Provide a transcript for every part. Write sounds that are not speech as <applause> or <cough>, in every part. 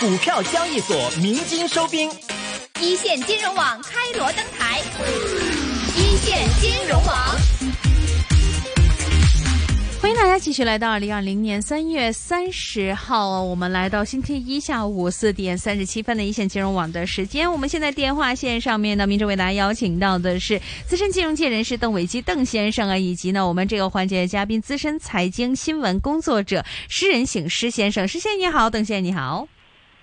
股票交易所鳴金收兵，一線金融網開鑼登台，一線金融網，歡迎大家繼續來到二零二零年三月三十號，我們來到星期一下午四點三十七分的一線金融網的時間。我們現在電話線上面呢，明哲為大家邀請到的是資深金融界人士鄧偉基鄧先生啊，以及呢我們這個環節嘉賓資深財經新聞工作者施仁醒施先生。施先你好，鄧先生你好。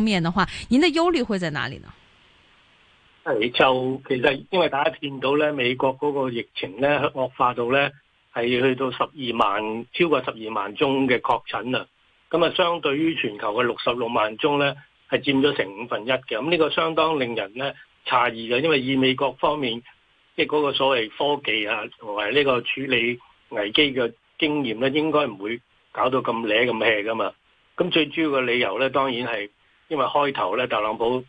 面的話，您的憂慮會在哪裡呢？係就其實因為大家見到咧，美國個疫情咧惡化到咧係去到十二萬，超過十二萬宗嘅確診啦。咁、嗯、啊，相對於全球嘅六十六萬宗咧，係佔咗成五分一嘅。咁、嗯、呢、這個相當令人咧詫異嘅，因為以美國方面即係個所謂科技啊，同埋呢個處理危機嘅經驗咧，應該唔會搞到咁叻咁 hea 噶嘛。咁、嗯、最主要嘅理由咧，當然係。因為開頭咧，特朗普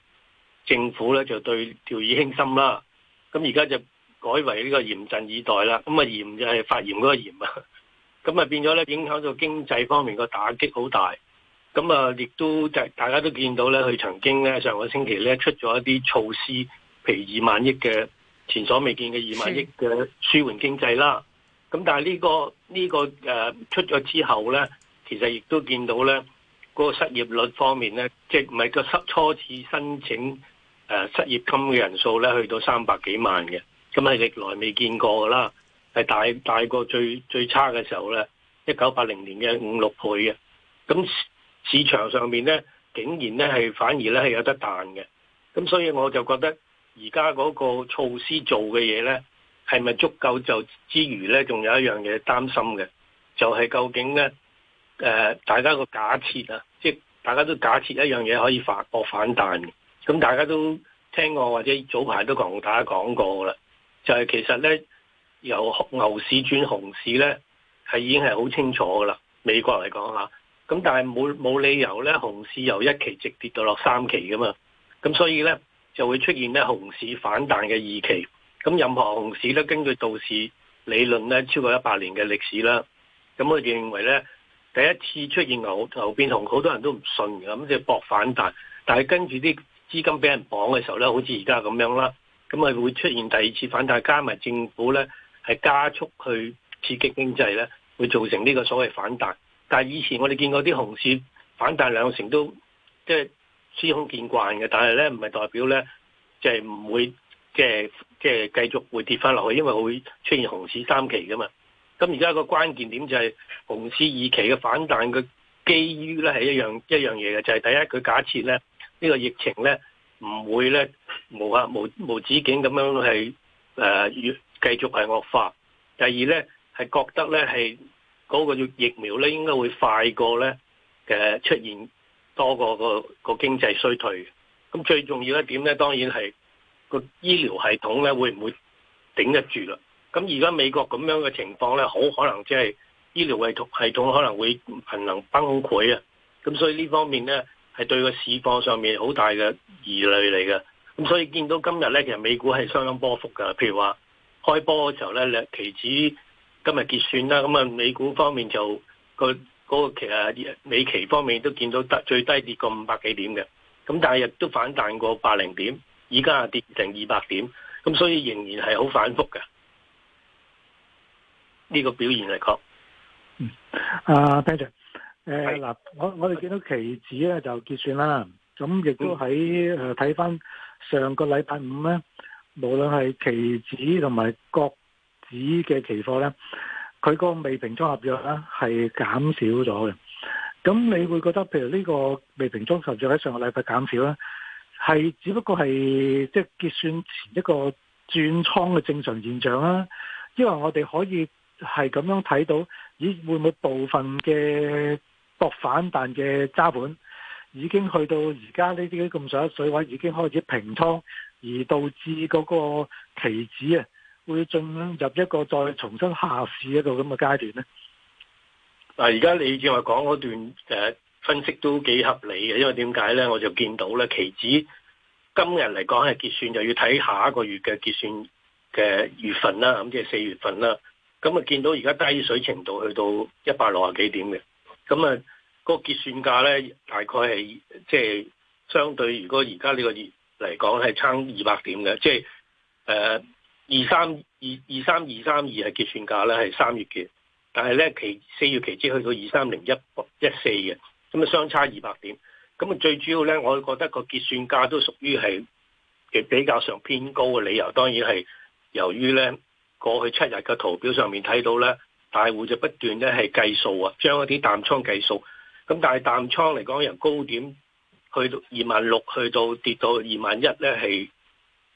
政府咧就對掉以輕心啦，咁而家就改為呢個嚴陣以待啦，咁啊嚴就係發言嗰個嚴啊，咁 <laughs> 啊變咗咧影響到經濟方面個打擊好大，咁啊亦都就大家都見到咧，佢曾經咧上個星期咧出咗一啲措施，譬如二萬億嘅前所未見嘅二萬億嘅舒緩經濟啦，咁、嗯、但係、這、呢個呢、這個誒、呃、出咗之後咧，其實亦都見到咧。個失業率方面咧，即係唔係個初初次申請誒失業金嘅人數咧，去到三百幾萬嘅，咁係歷來未見過㗎啦，係大大過最最差嘅時候咧，一九八零年嘅五六倍嘅，咁市場上面咧，竟然咧係反而咧係有得彈嘅，咁所以我就覺得而家嗰個措施做嘅嘢咧，係咪足夠就之餘咧，仲有一樣嘢擔心嘅，就係究竟咧？誒、呃，大家個假設啊，即係大家都假設一樣嘢可以反獲反彈，咁大家都聽過或者早排都同大家講過嘅啦，就係、是、其實呢，由牛市轉熊市呢，係已經係好清楚嘅啦。美國嚟講嚇，咁但係冇冇理由呢，熊市由一期直跌到落三期嘅嘛，咁所以呢，就會出現呢熊市反彈嘅二期。咁任何熊市咧，根據道氏理論呢，超過一百年嘅歷史啦，咁我認為呢。第一次出現牛牛變熊，好多人都唔信嘅，咁就搏反彈。但係跟住啲資金俾人綁嘅時候咧，好似而家咁樣啦，咁啊會出現第二次反彈，加埋政府咧係加速去刺激經濟咧，會造成呢個所謂反彈。但係以前我哋見過啲熊市反彈兩成都，即係司空見慣嘅，但係咧唔係代表咧即係唔會即係即係繼續會跌翻落去，因為會出現熊市三期噶嘛。咁而家個關鍵點就係熊市二期嘅反彈佢基於咧係一樣一樣嘢嘅，就係、是、第一佢假設咧呢、這個疫情咧唔會咧無限無無止境咁樣係誒越繼續係惡化，第二咧係覺得咧係嗰個疫苗咧應該會快過咧嘅、呃、出現多過、個、個經濟衰退。咁最重要一點咧，當然係、個醫療系統咧會唔會頂得住啦？咁而家美國咁樣嘅情況咧，好可能即係醫療系統系統可能會瀕臨崩潰啊！咁所以呢方面咧，係對個市況上面好大嘅疑慮嚟嘅。咁所以見到今日咧，其實美股係相當波幅㗎。譬如話開波嘅時候咧，兩期指今日結算啦。咁啊，美股方面就、嗰個嗰、嗰個期美期方面都見到得最低跌過五百幾點嘅。咁但係亦都反彈過百零點，依家啊跌成二百點，咁所以仍然係好反覆嘅。呢個表現嚟講，嗯、uh, 呃，阿 Peter，誒嗱，我我哋見到期指咧就結算啦，咁亦都喺誒睇翻上個禮拜五咧，無論係期指同埋各指嘅期貨咧，佢個未平倉合約咧係減少咗嘅。咁你會覺得譬如呢個未平倉合約喺上個禮拜減少啦，係只不過係即係結算前一個轉倉嘅正常現象啦，因為我哋可以。係咁樣睇到，咦？會唔會部分嘅博反彈嘅揸盤已經去到而家呢啲咁上下水位，已經開始平倉，而導致嗰個期指啊，會進入一個再重新下市一個咁嘅階段呢？嗱，而家你正話講嗰段誒分析都幾合理嘅，因為點解呢？我就見到咧期指今日嚟講係結算，就要睇下一個月嘅結算嘅月份啦，咁即係四月份啦。咁啊，見到而家低水程度去到一百六十幾點嘅，咁啊，個結算價咧大概係即係相對如果而家呢個月嚟講係差二百點嘅，即係誒二三二二三二三二係結算價咧係三月結，但係咧期四月期指去到二三零一一四嘅，咁啊相差二百點，咁啊最主要咧，我覺得個結算價都屬於係嘅比較上偏高嘅理由，當然係由於咧。過去七日嘅圖表上面睇到咧，大戶就不斷咧係計數啊，將嗰啲淡倉計數。咁但係淡倉嚟講，由高點去到二萬六，去到跌到二萬一咧，係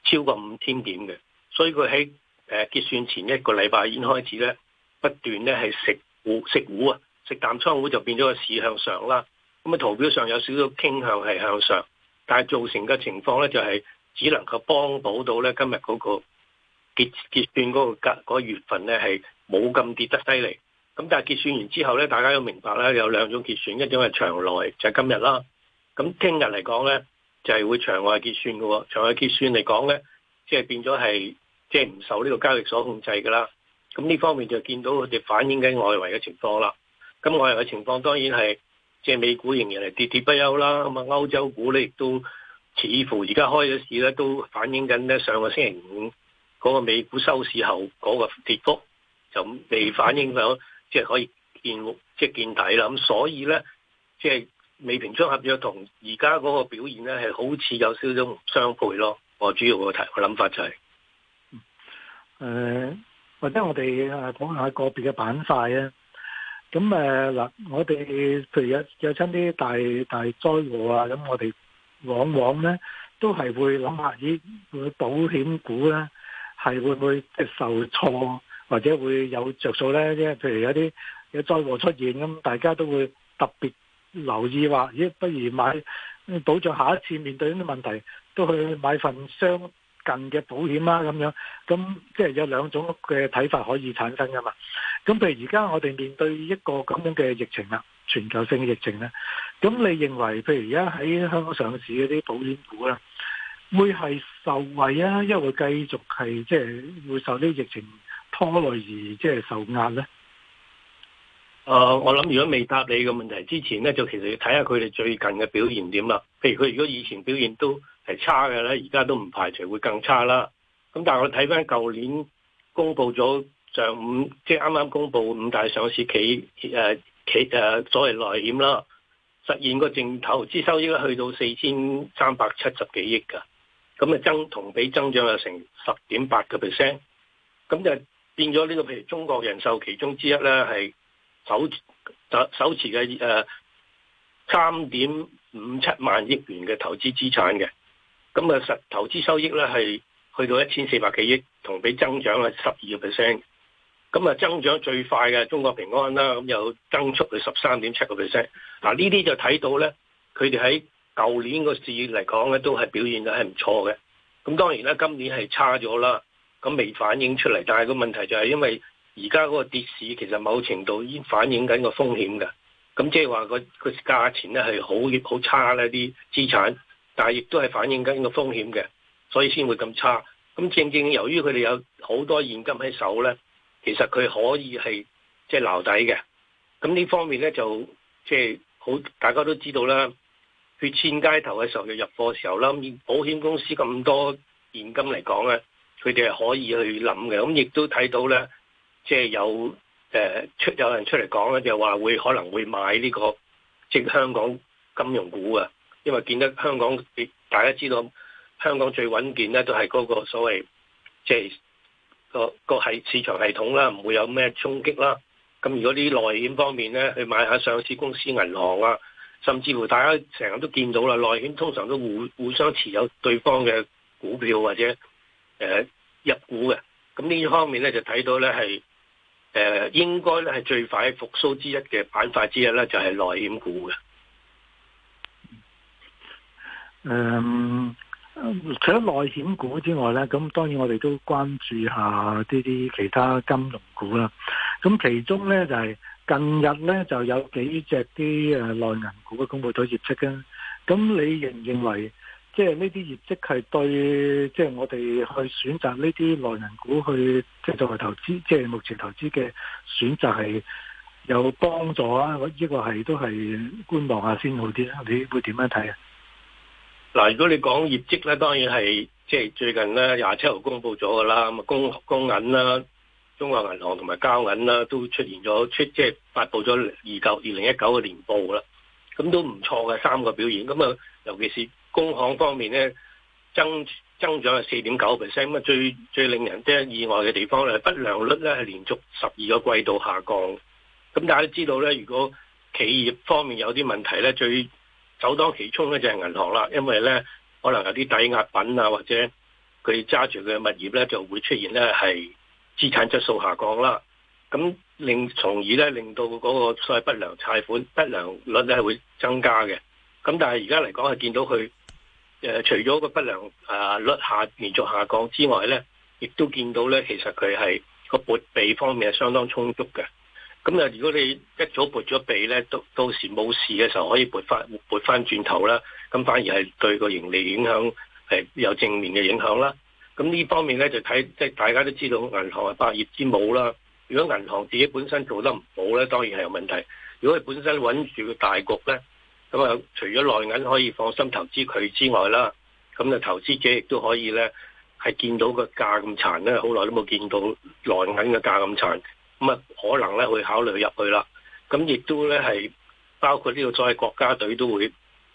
超過五千點嘅。所以佢喺誒結算前一個禮拜已經開始咧，不斷咧係食糊，食糊啊，食淡倉糊就變咗個市向上啦。咁啊，圖表上有少少傾向係向上，但係造成嘅情況咧就係只能夠幫補到咧今日嗰個。結結算嗰個月份咧係冇咁跌得低嚟。咁但係結算完之後咧，大家都明白啦，有兩種結算，一種係場內就今日啦，咁聽日嚟講咧就係會場外結算嘅喎，場外結算嚟講咧即係變咗係即係唔受呢個交易所控制㗎啦，咁呢方面就見到佢哋反映緊外圍嘅情況啦。咁外圍嘅情況當然係即係美股仍然係跌跌不休啦，咁啊歐洲股咧亦都似乎而家開咗市咧都反映緊咧上個星期五。嗰個美股收市後嗰個跌幅就未反映到，即係可以見即係見底啦。咁所以咧，即係美平倉合約同而家嗰個表現咧，係好似有少少相悖咯。我主要個題個諗法就係，誒或者我哋誒講下個別嘅板塊咧。咁誒嗱，我哋譬如有有親啲大大災禍啊，咁我哋往往咧都係會諗下啲會保險股咧。係會唔會受挫，或者會有着數呢？即係譬如有啲有災禍出現，咁大家都會特別留意，話咦，不如買保障，下一次面對呢啲問題都去買份相近嘅保險啦，咁樣，咁即係有兩種嘅睇法可以產生噶嘛？咁譬如而家我哋面對一個咁樣嘅疫情啦，全球性嘅疫情咧，咁你認為譬如而家喺香港上市嗰啲保險股啦，會係？受惠啊，因為會繼續係即係會受呢啲疫情拖累而即係受壓咧。誒、呃，我諗如果未答你個問題之前咧，就其實要睇下佢哋最近嘅表現點啦。譬如佢如果以前表現都係差嘅咧，而家都唔排除會更差啦。咁但係我睇翻舊年公布咗上午，即係啱啱公布五大上市企誒、啊、企誒、啊、所謂內險啦，實現個淨投資收益去到四千三百七十幾億噶。咁啊增同比增長啊成十點八個 percent，咁就變咗呢、這個譬如中國人壽其中之一咧係首首首持嘅誒三點五七萬億元嘅投資資產嘅，咁啊實投資收益咧係去到一千四百幾億，同比增長啊十二個 percent，咁啊增長最快嘅中國平安啦，咁又增速去十三點七個 percent，嗱呢啲就睇到咧佢哋喺舊年個事業嚟講咧，都係表現得係唔錯嘅。咁當然啦，今年係差咗啦，咁未反映出嚟。但係個問題就係，因為而家嗰個跌市其實某程度已經反映緊個風險嘅。咁即係話個個價錢咧係好好差咧啲資產，但係亦都係反映緊個風險嘅，所以先會咁差。咁正正由於佢哋有好多現金喺手咧，其實佢可以係即係留底嘅。咁呢方面咧就即係、就係、好大家都知道啦。去千街頭嘅時候，入貨嘅時候啦，保險公司咁多現金嚟講咧，佢哋係可以去諗嘅。咁亦都睇到咧，即係有誒出有人出嚟講咧，就話、是、會可能會買呢、這個即係、就是、香港金融股啊。因為見得香港，大家知道香港最穩健咧都係嗰個所謂即係、就是、個個係市場系統啦，唔會有咩衝擊啦。咁如果啲內險方面咧，去買下上市公司銀行啊。甚至乎大家成日都見到啦，內險通常都互互相持有對方嘅股票，或者誒、呃、入股嘅。咁呢一方面咧，就睇到咧係誒應該咧係最快復甦之一嘅板塊之一咧，就係、是、內險股嘅。誒、嗯，除咗內險股之外咧，咁當然我哋都關注下呢啲其他金融股啦。咁其中咧就係、是。近日咧就有幾隻啲誒內銀股嘅公佈咗業績啊，咁你認唔認為即係呢啲業績係對即係、就是、我哋去選擇呢啲內銀股去即係、就是、作為投資，即、就、係、是、目前投資嘅選擇係有幫助啊？一、這個係都係觀望下先好啲啦。你會點樣睇啊？嗱，如果你講業績咧，當然係即係最近咧廿七號公佈咗噶啦，咁啊公公銀啦。中國銀行同埋交銀啦，都出現咗出即係發布咗二九二零一九嘅年報啦，咁都唔錯嘅三個表現。咁啊，尤其是工行方面咧，增增長係四點九 percent。咁啊，最最令人即係意外嘅地方咧，不良率咧係連續十二個季度下降。咁大家都知道咧，如果企業方面有啲問題咧，最首當其衝咧就係銀行啦，因為咧可能有啲抵押品啊或者佢揸住嘅物業咧就會出現咧係。資產質素下降啦，咁令從而咧令到嗰個所謂不良貸款不良率咧係會增加嘅。咁但係而家嚟講係見到佢誒、呃、除咗個不良啊率下連續下降之外咧，亦都見到咧其實佢係個撥備方面係相當充足嘅。咁啊，如果你一早撥咗備咧，到到時冇事嘅時候可以撥翻撥翻轉頭啦，咁反而係對個盈利影響係有正面嘅影響啦。咁呢方面咧就睇，即係大家都知道，銀行係百業之母啦。如果銀行自己本身做得唔好咧，當然係有問題。如果佢本身穩住個大局咧，咁啊，除咗內銀可以放心投資佢之外啦，咁就投資者亦都可以咧，係見到個價咁殘咧，好耐都冇見到內銀嘅價咁殘，咁啊，可能咧會考慮入去啦。咁亦都咧係包括呢個所謂國家隊都會，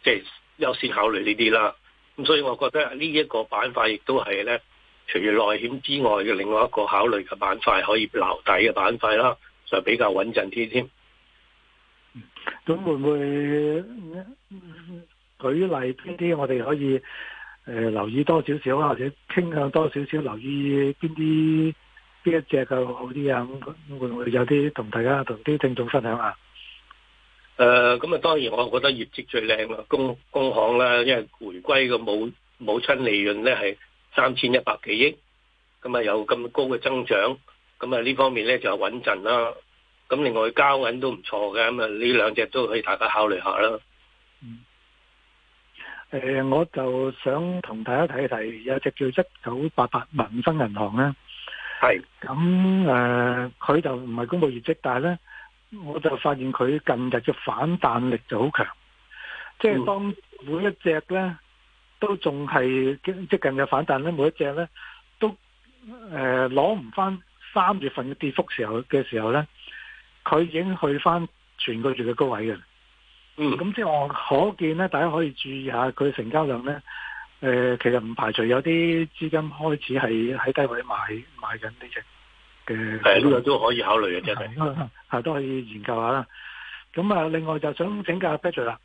即係優先考慮呢啲啦。咁所以我覺得呢一個板塊亦都係咧。除咗內險之外嘅另外一個考慮嘅板塊，可以留底嘅板塊啦，就比較穩陣啲添。咁、嗯、會唔會舉例邊啲我哋可以誒、呃、留意多少少或者傾向多少少留意邊啲邊一隻更好啲啊？咁會唔會有啲同大家同啲聽眾分享下？誒、呃，咁啊當然我覺得業績最靚啦，工工行啦，因為回歸個母母親利潤咧係。三千一百幾億，咁啊有咁高嘅增長，咁啊呢方面咧就穩陣啦。咁另外交銀都唔錯嘅，咁啊呢兩隻都可以大家考慮下啦。嗯，誒我就想同大家睇一睇有隻叫一九八八民生銀行咧，係，咁誒佢就唔係公布業績，但係咧我就發現佢近日嘅反彈力就好強，即係當每一隻咧。都仲係即近嘅反彈咧，每一隻咧都誒攞唔翻三月份嘅跌幅時候嘅時候咧，佢已經去翻全個月嘅高位嘅。嗯，咁即我可見咧，大家可以注意下佢嘅成交量咧。誒、呃，其實唔排除有啲資金開始係喺低位買買緊呢隻嘅。誒、嗯，呢個都可以考慮嘅，真係。 <laughs> 係都可以研究下啦。咁啊，另外就想請教 Patrick 啦。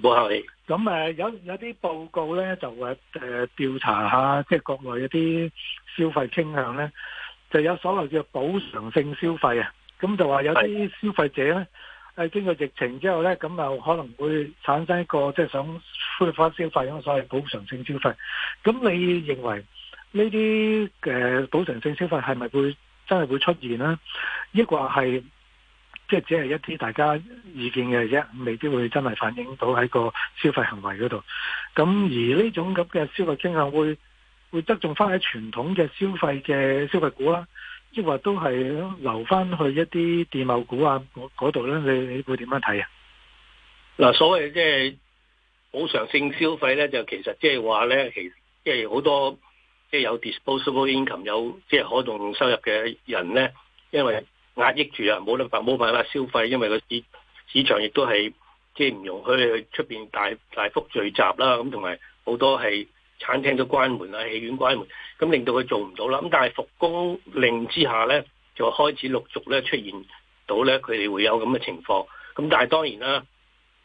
冇客氣。咁誒有有啲報告咧就話誒調查下即係國內一啲消費傾向咧，就有所謂叫補償性消費啊。咁就話有啲消費者咧誒經過疫情之後咧，咁就可能會產生一個即係想發放消費咯，所謂補償性消費。咁你認為呢啲誒補償性消費係咪會真係會出現咧？抑或係？即係只係一啲大家意見嘅啫，未必會真係反映到喺個消費行為嗰度。咁而呢種咁嘅消費傾向會會側重翻喺傳統嘅消費嘅消費股啦，抑或都係留翻去一啲電貿股啊嗰度咧？你你會點樣睇啊？嗱，所謂即係補償性消費咧，就其實即係話咧，其即係好多即係、就是、有 disposable income 有即係可動收入嘅人咧，因為。壓抑住啊，冇得冇辦法消費，因為個市市場亦都係即係唔容許你去出邊大大幅聚集啦，咁同埋好多係餐廳都關門啦，戲院關門，咁令到佢做唔到啦。咁但係復工令之下咧，就開始陸續咧出現到咧，佢哋會有咁嘅情況。咁但係當然啦，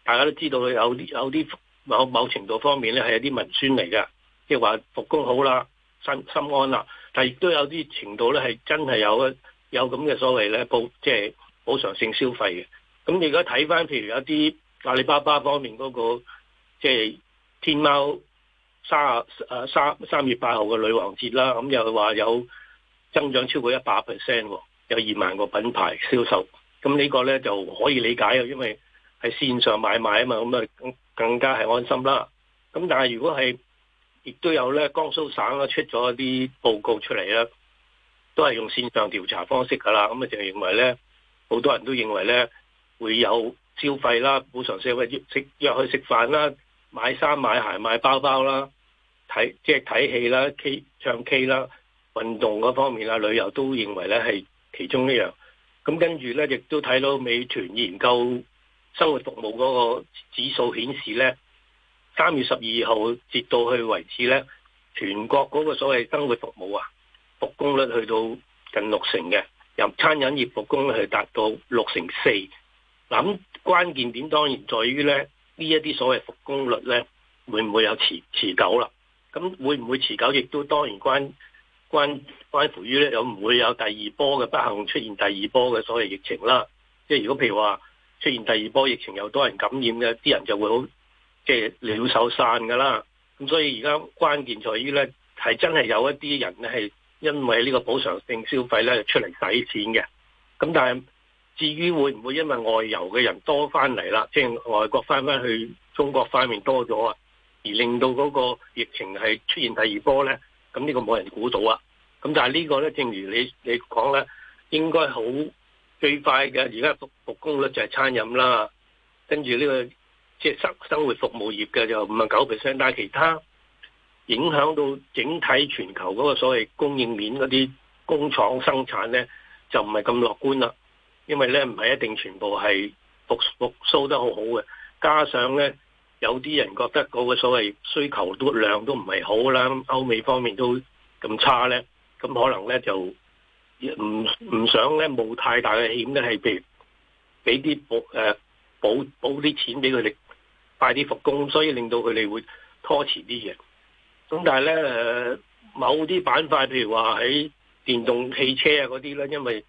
大家都知道佢有啲有啲某某程度方面咧係有啲文宣嚟嘅，即係話復工好啦，心心安啦。但係亦都有啲程度咧係真係有。有咁嘅所謂咧報，即係補償性消費嘅。咁而家睇翻譬如有啲阿里巴巴方面嗰、那個即係、就是、天貓三啊誒三三月八號嘅女王節啦，咁又話有增長超過一百 percent，有二萬個品牌銷售，咁呢個咧就可以理解嘅，因為係線上買賣啊嘛，咁啊更加係安心啦。咁但係如果係亦都有咧，江蘇省咧出咗一啲報告出嚟啦。都係用線上調查方式㗎啦，咁啊就認為呢，好多人都認為呢，會有消費啦，補償社會食約去食飯啦，買衫買鞋買包包啦，睇即係睇戲啦、K 唱 K 啦、運動嗰方面啦、旅遊都認為呢係其中一樣。咁跟住呢，亦都睇到美團研究生活服務嗰個指數顯示呢，三月十二號截到去為止呢，全國嗰個所謂生活服務啊。復工率去到近六成嘅，由餐飲業復工率係達到六成四。嗱咁，關鍵點當然在於咧呢一啲所謂復工率咧會唔會有持持久啦？咁會唔會持久亦都當然關關關乎於咧有唔會有第二波嘅不幸出現第二波嘅所謂疫情啦？即係如果譬如話出現第二波疫情有多人感染嘅，啲人就會好即係鳥獸散噶啦。咁所以而家關鍵在於呢，係真係有一啲人咧係。因為呢個補償性消費咧，出嚟使錢嘅，咁但係至於會唔會因為外遊嘅人多翻嚟啦，即係外國翻翻去中國方面多咗啊，而令到嗰個疫情係出現第二波咧，咁呢個冇人估到啊！咁但係呢個咧，正如你你講咧，應該好最快嘅，而家復復工率就係餐飲啦，跟住呢個即係生生活服務業嘅就五啊九 percent，但係其他。影響到整體全球嗰個所謂供應鏈嗰啲工廠生產呢，就唔係咁樂觀啦。因為呢唔係一定全部係復復甦得好好嘅，加上呢，有啲人覺得嗰個所謂需求都量都唔係好啦，歐美方面都咁差呢，咁可能呢就唔唔想呢冇太大嘅險，呢係譬如俾啲、呃、補誒補補啲錢俾佢哋快啲復工，所以令到佢哋會拖遲啲嘢。咁但係咧誒，某啲板塊，譬如話喺電動汽車啊嗰啲咧，因為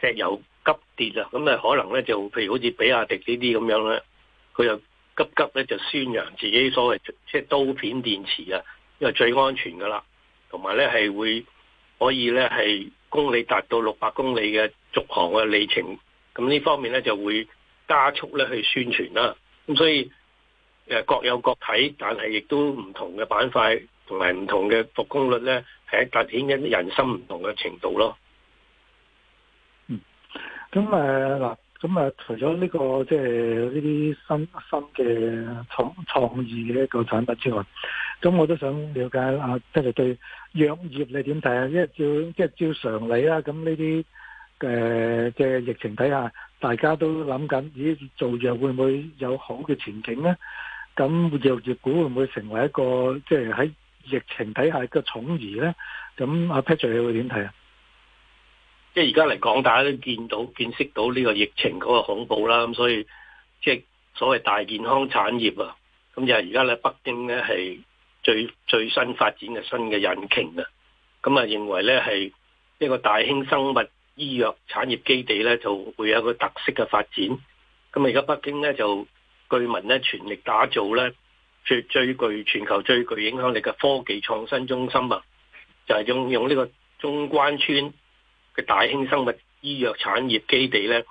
石油急跌啊，咁啊可能咧就譬如好似比亞迪呢啲咁樣咧，佢又急急咧就宣揚自己所謂即係、就是、刀片電池啊，因為最安全噶啦，同埋咧係會可以咧係公里達到六百公里嘅續航嘅里程，咁呢方面咧就會加速咧去宣傳啦，咁所以。誒，各有各睇，但係亦都唔同嘅板塊同埋唔同嘅復工率咧，係凸顯一啲人心唔同嘅程度咯。嗯，咁誒嗱，咁啊除咗呢個即係呢啲新新嘅創創意嘅一個產品之外，咁我都想了解下，即係對藥業你點睇啊？因為照即係照常理啦，咁呢啲誒嘅疫情底下，大家都諗緊，咦，做藥會唔會有好嘅前景咧？咁藥業股會唔會成為一個即係喺疫情底下嘅寵兒咧？咁阿 Pat 你會點睇啊？即係而家嚟講，大家都見到見識到呢個疫情嗰個恐怖啦。咁所以即係所謂大健康產業啊，咁就係而家咧北京咧係最最新發展嘅新嘅引擎啊。咁啊認為咧係一個大興生物醫藥產業基地咧就會有一個特色嘅發展。咁啊而家北京咧就。據聞咧全力打造咧最最具全球最具影響力嘅科技創新中心啊！就係、是、用用呢個中關村嘅大興生物醫藥產業基地咧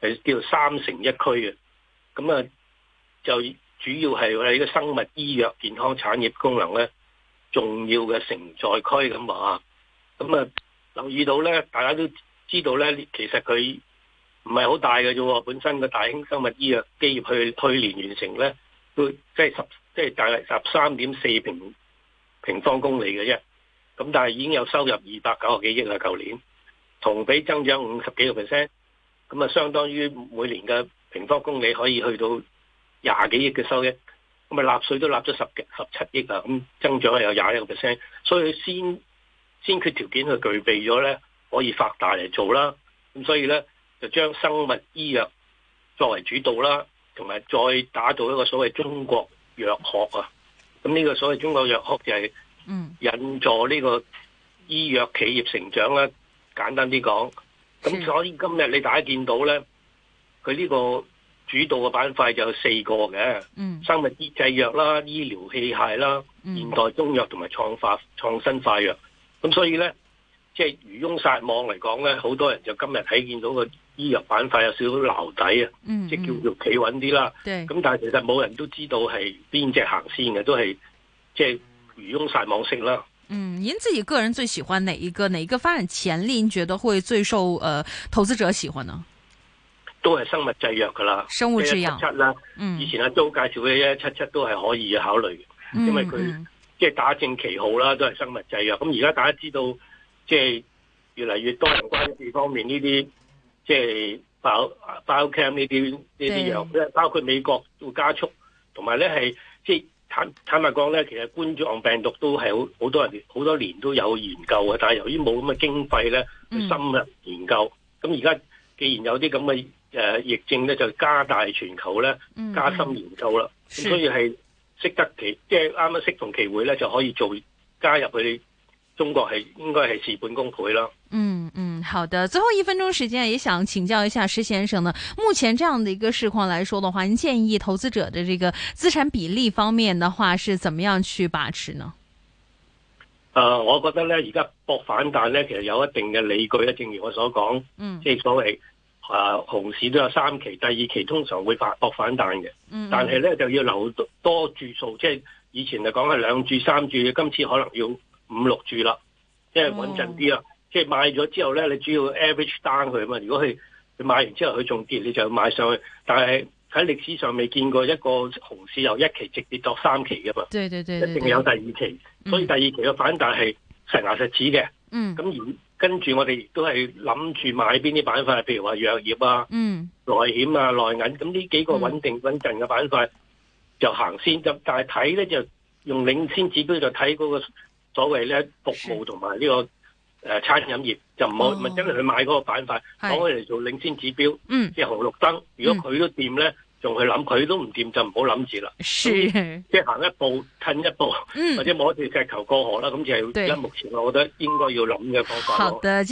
係叫做三城一區嘅，咁啊就主要係呢個生物醫藥健康產業功能咧重要嘅承載區咁話啊！咁啊留意到咧，大家都知道咧，其實佢。唔係好大嘅啫，本身個大興生物醫藥基業去去年完成咧，都即係十即係、就是、大概十三點四平平方公里嘅啫。咁但係已經有收入二百九啊幾億啦，舊年同比增長五十幾個 percent。咁啊，相當於每年嘅平方公里可以去到廿幾億嘅收益。咁啊，納稅都納咗十十七億啊，咁增長係有廿一個 percent。所以佢先先決條件係具備咗咧，可以發大嚟做啦。咁所以咧。就將生物醫藥作為主導啦，同埋再打造一個所謂中國藥學啊！咁呢個所謂中國藥學就係引助呢個醫藥企業成長啦。嗯、簡單啲講，咁所以今日你大家見到咧，佢呢個主導嘅板塊就有四個嘅，嗯、生物醫製藥啦、醫療器械啦、嗯、現代中藥同埋創發創新化藥。咁所以咧，即、就、係、是、漁翁撒網嚟講咧，好多人就今日睇見到個。醫藥板塊有少少撈底啊，嗯嗯、即係叫做企穩啲啦。咁對但係其實冇人都知道係邊隻行先嘅，都係即係魚翁曬網式啦。嗯，您自己個人最喜歡哪一個？哪一個發展潛力你覺得會最受呃投資者喜歡呢？都係生物製藥噶啦，生物製藥啦。7, 嗯、以前阿周介紹嘅一一七七都係可以考慮嘅，嗯嗯、因為佢即係打正旗號啦，都係生物製藥。咁而家大家知道，即係越嚟越多人關注方面呢啲。即係包包 c a n 是呢啲呢啲嘢，咧包括美國會加速，同埋咧係即係坦坦白講咧，其實冠狀病毒都係好好多人好多年都有研究嘅，但係由於冇咁嘅經費咧，嗯、去深入研究。咁而家既然有啲咁嘅誒疫症咧，就加大全球咧、嗯、加深研究啦。是所以係識得其，即係啱啱適逢其會咧，就可以做加入去中國係應該係事半功倍啦。嗯嗯。好的，最後一分鐘時間，也想請教一下施先生呢？目前這樣的一個市況來說的話，你建議投資者的這個資產比例方面的話，是怎麼樣去把持呢？誒、呃，我覺得咧，而家博反彈咧，其實有一定嘅理據咧，正如我所講，嗯、即係所謂誒、呃，熊市都有三期，第二期通常會發博反彈嘅，但係咧、嗯、就要留多注數，即係以前就講係兩注三注，今次可能要五六注啦，即係穩陣啲啦。嗯即係賣咗之後咧，你主要 average down 佢啊嘛。如果佢佢買完之後佢仲跌，你就買上去。但係喺歷史上未見過一個熊市由一期直接作三期噶嘛。對對對，對，對對對，一定有第二期。嗯、所以第二期嘅反彈係實牙實齒嘅。嗯。咁而跟住我哋亦都係諗住買邊啲板塊，譬如話藥業啊，嗯，內險啊，內銀。咁呢幾個穩定、嗯、穩陣嘅板塊就先行先。咁但係睇咧就用領先指標就睇嗰個所謂咧服務同埋呢個。誒、呃，餐飲業就唔好咪，即係佢買嗰個板塊，攞佢嚟做領先指標。嗯、即係紅綠燈，如果佢都掂咧，仲、嗯、去諗。佢都唔掂就唔好諗住啦。是即係行一步，褪一步，嗯、或者摸一條石頭過河啦。咁就係而家目前，我覺得應該要諗嘅方法對